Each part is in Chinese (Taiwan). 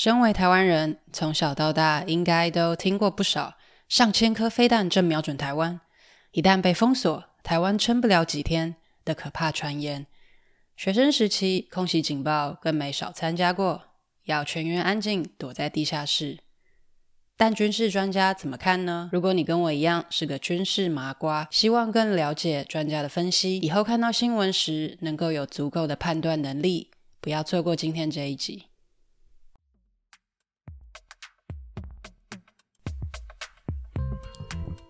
身為台灣人，從小到大應該都聽過不少“上千顆飛彈正瞄準台灣，一旦被封鎖，台灣撐不了幾天”的可怕傳言。學生時期空襲警報更沒少參加過，要全員安靜躲在地下室。但軍事專家怎麼看呢？如果你跟我一樣是個軍事麻瓜，希望更了解專家的分析，以後看到新聞時能夠有足夠的判斷能力，不要錯過今天這一集。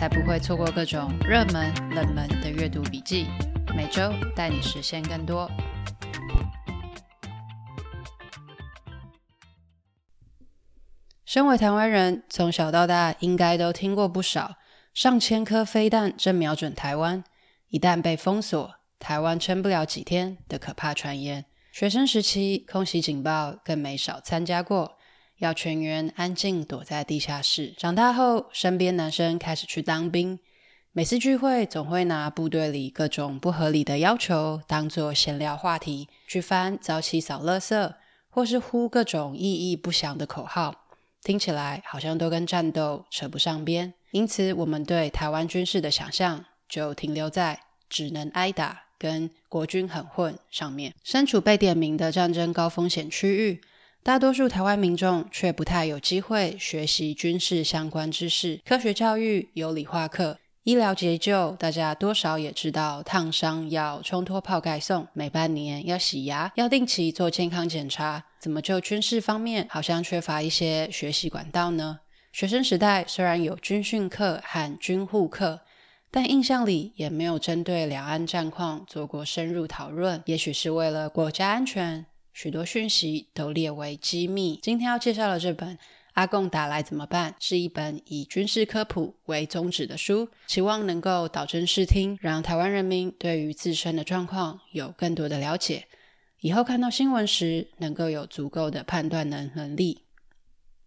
才不會錯過各種熱門、冷門的閱讀筆記，每周帶你實現更多。身為台灣人，從小到大應該都聽過不少“上千顆飛彈正瞄準台灣，一旦被封鎖，台灣撐不了幾天”的可怕傳言。學生時期，空襲警報更沒少參加過。要全員安靜，躲在地下室。長大後，身邊男生開始去當兵，每次聚會總會拿部隊裡各種不合理的要求當作閒聊話題，去翻早起掃垃圾，或是呼各種意義不詳的口號，聽起來好像都跟戰鬥扯不上邊。因此，我們對台灣軍事的想象就停留在只能挨打、跟國軍很混上面。身處被點名的戰爭高風險區域，大多數台灣民眾卻不太有機會學習軍事相關知識。科學教育有理化課，醫療急救，大家多少也知道，燙傷要沖脫泡蓋送，每半年要洗牙，要定期做健康檢查。怎麼就軍事方面好像缺乏一些學習管道呢？學生時代雖然有軍訓課和軍護課，但印象裡也沒有針對兩岸戰況做過深入討論。也許是為了國家安全。許多訊息都列為機密。今天要介紹的這本《阿共打來怎麼辦》是一本以軍事科普為宗旨的書，希望能夠導正視聽，讓台灣人民對於自身的狀況有更多的了解，以後看到新聞時能夠有足夠的判斷能能力。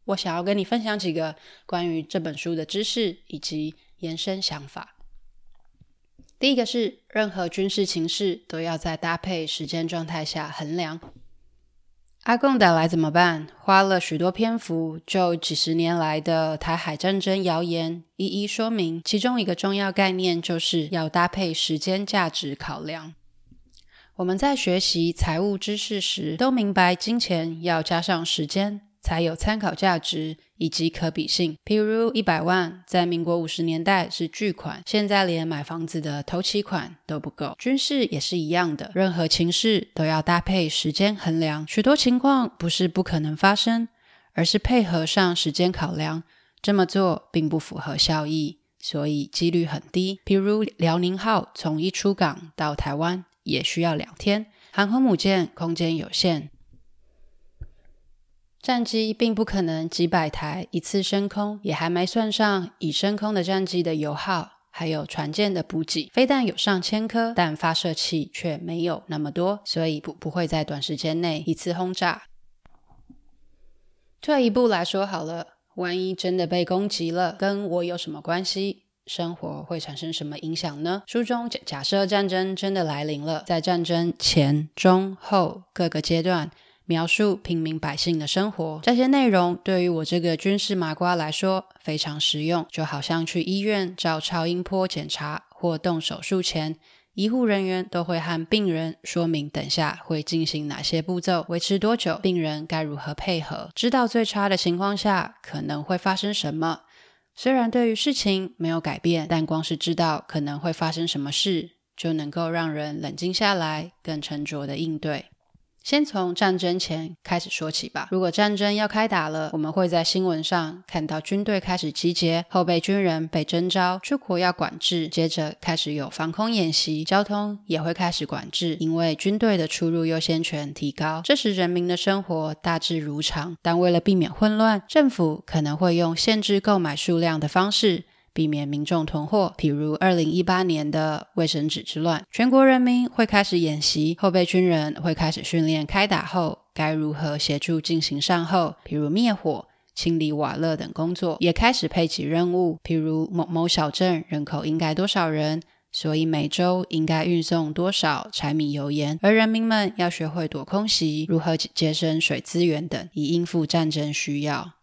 我想要跟你分享幾個關於這本書的知識以及延伸想法。第一個是，任何軍事情勢都要在搭配時間狀態下衡量。阿共打來怎麼辦？花了許多篇幅，就幾十年來的台海戰爭謠言一一說明，其中一個重要概念就是要搭配時間價值考量。我們在學習財務知識時，都明白金錢要加上時間。才有參考價值以及可比性。譬如一百萬，在民國五十年代是巨款，現在連買房子的頭期款都不夠。軍事也是一樣的，任何情勢都要搭配時間衡量。許多情況不是不可能發生，而是配合上時間考量，這麼做並不符合效益，所以幾率很低。譬如遼寧號從一出港到台灣也需要兩天，航空母艦空間有限。戰機並不可能幾百台一次升空，也還沒算上已升空的戰機的油耗，還有船艦的補給。飛彈有上千顆，但發射器卻沒有那麼多，所以不不會在短時間內一次轟炸。退一步來說好了，萬一真的被攻擊了，跟我有什麼關係？生活會產生什麼影響呢？書中假假設戰爭真的來臨了，在戰爭前、中、後各個階段，描述平民百姓的生活，這些內容對於我這個軍事麻瓜來說非常實用。就好像去醫院照超音波檢查或動手術前，醫護人員都會和病人說明等下會進行哪些步驟，維持多久，病人該如何配合。知道最差的情況下可能會發生什麼，雖然對於事情沒有改變，但光是知道可能會發生什麼事，就能夠讓人冷靜下來，更沉着地應對。先從戰爭前開始說起吧。如果戰爭要開打了，我們會在新聞上看到軍隊開始集結，後備軍人被徵召，出國要管制。接着開始有防空演習，交通也會開始管制，因為軍隊的出入優先權提高。這時人民的生活大致如常，但為了避免混亂，政府可能會用限制購買數量的方式。避免民眾囤貨，譬如二零一八年的衛生紙之亂，全國人民會開始演習，後備軍人會開始訓練，開打後該如何協助進行善後，譬如滅火、清理瓦礫等工作，也開始配給任務，譬如某某小鎮人口應該多少人，所以每周應該運送多少柴米油鹽，而人民們要學會躲空襲、如何節省水資源等，以應付戰爭需要。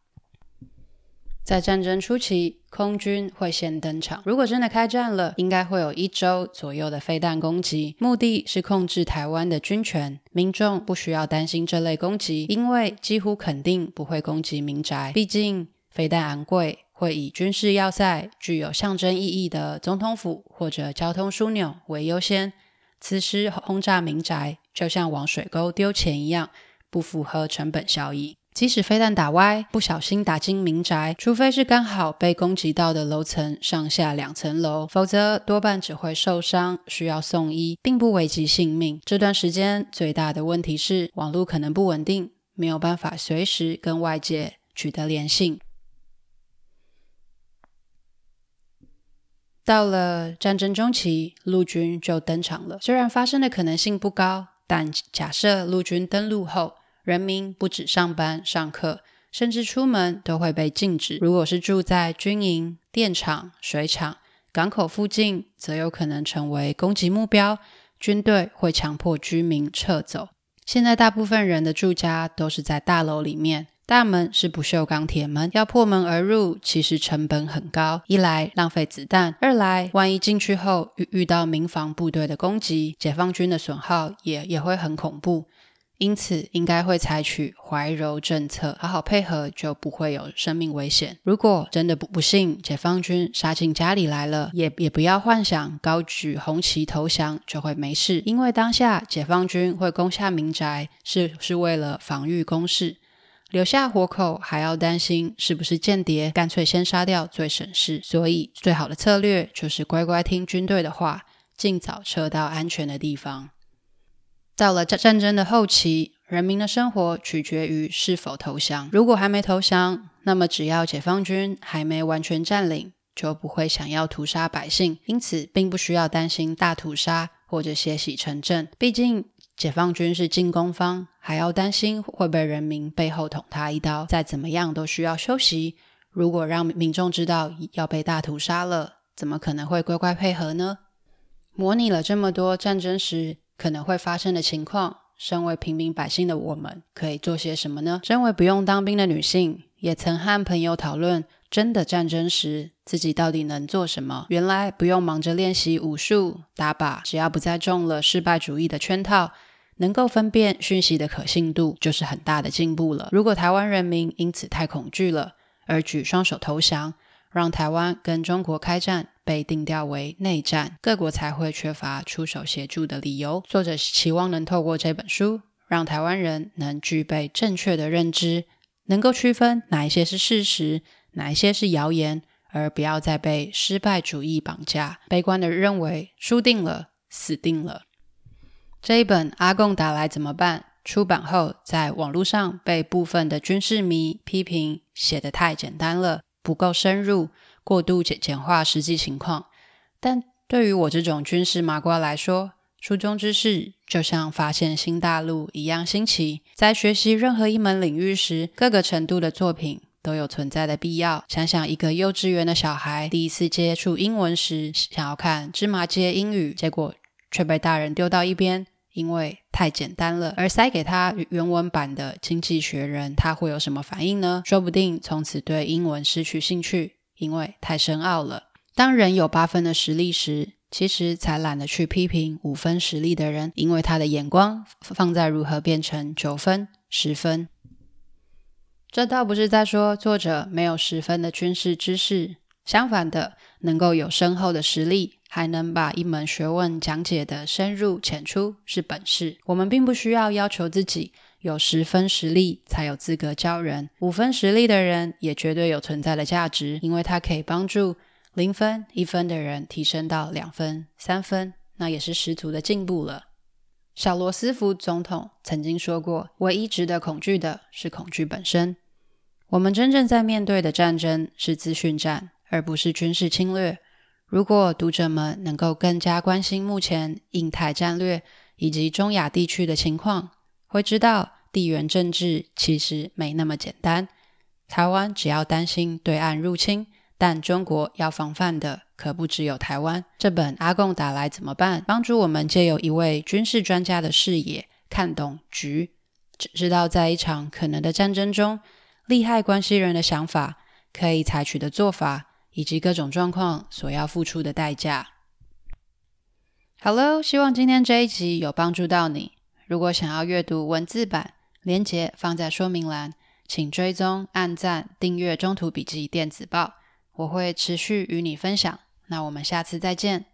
在戰爭初期，空軍會先登場。如果真的開戰了，應該會有一周左右的飛彈攻擊，目的是控制台灣的軍權。民眾不需要擔心這類攻擊，因為幾乎肯定不會攻擊民宅，畢竟飛彈昂貴，會以軍事要塞、具有象徵意義的總統府或者交通樞紐為優先。此時轟炸民宅，就像往水溝丟錢一樣，不符合成本效益。即使飛彈打歪，不小心打進民宅，除非是剛好被攻擊到的樓層上下兩層樓，否則多半只會受傷，需要送醫，並不危及性命。這段時間最大的問題是網絡可能不穩定，沒有辦法隨時跟外界取得聯繫。到了戰爭中期，陸軍就登場了。雖然發生的可能性不高，但假設陸軍登陸後，人民不止上班、上課，甚至出門都會被禁止。如果是住在軍營、電廠、水廠、港口附近，則有可能成為攻擊目標。軍隊會強迫居民撤走。現在大部分人的住家都是在大樓裡面，大門是不鏽鋼鐵門，要破門而入，其實成本很高。一來浪費子彈，二來萬一進去後遇到民防部隊的攻擊，解放軍的損耗也也會很恐怖。因此，應該會採取懷柔政策，好好配合就不會有生命危險。如果真的不不幸，解放軍殺進家裡來了，也也不要幻想高舉紅旗投降就會沒事，因為當下解放軍會攻下民宅是是為了防禦工事，留下活口還要擔心是不是間諜，乾脆先殺掉最省事。所以，最好的策略就是乖乖聽軍隊的話，盡早撤到安全的地方。到了戰戰爭的後期，人民的生活取決於是否投降。如果還沒投降，那麼只要解放軍還沒完全佔領，就不會想要屠殺百姓。因此，並不需要擔心大屠殺或者血洗城鎮。畢竟，解放軍是進攻方，還要擔心會被人民背後捅他一刀。再怎麼樣都需要休息。如果讓民眾知道要被大屠殺了，怎麼可能會乖乖配合呢？模擬了這麼多戰爭時。可能會發生的情況，身為平民百姓的我們可以做些什麼呢？身為不用當兵的女性，也曾和朋友討論真的戰爭時自己到底能做什麼。原來不用忙着練習武術、打靶，只要不再中了失敗主義的圈套，能夠分辨訊息的可信度，就是很大的進步了。如果台灣人民因此太恐懼了而舉雙手投降，讓台灣跟中國開戰被定調為內戰，各國才會缺乏出手協助的理由。作者期望能透過這本書，讓台灣人能具備正確的認知，能夠區分哪一些是事實，哪一些是謠言，而不要再被失敗主義綁架，悲觀的認為輸定了、死定了。這一本《阿共打來怎麼辦》出版後，在網絡上被部分的軍事迷批評寫得太簡單了。不夠深入，過度簡簡化實際情況。但對於我這種軍事麻瓜來說，初中知識就像發現新大陸一樣新奇。在學習任何一門領域時，各個程度的作品都有存在的必要。想想一個幼稚園的小孩，第一次接觸英文時，想要看《芝麻街英語》，結果卻被大人丟到一邊。因為太簡單了，而塞給他原文版的《經濟學人》，他會有什麼反應呢？說不定從此對英文失去興趣，因為太深奧了。當人有八分的實力時，其實才懶得去批評五分實力的人，因為他的眼光放在如何變成九分、十分。這倒不是在說作者沒有十分的軍事知識，相反的，能夠有深厚的實力。還能把一門學問講解得深入淺出是本事。我們並不需要要求自己有十分實力才有資格教人，五分實力的人也絕對有存在的價值，因為他可以幫助零分、一分的人提升到兩分、三分，那也是十足的進步了。小羅斯福總統曾經說過：“唯一值得恐懼的是恐懼本身。”我們真正在面對的戰爭是資訊戰，而不是軍事侵略。如果讀者們能夠更加關心目前印太戰略以及中亞地區的情況，會知道地緣政治其實沒那麼簡單。台灣只要擔心對岸入侵，但中國要防範的可不只有台灣。這本《阿共打來怎麼辦》幫助我們借由一位軍事專家的視野，看懂局，只知道在一場可能的戰爭中，利害關係人的想法、可以採取的做法，以及各種狀況所要付出的代價。hello 希望今天這一集有幫助到你。如果想要閱讀文字版，鏈接放在說明欄，請追蹤、按讚、訂閱《中途筆記電子報》，我會持續與你分享。那我們下次再見。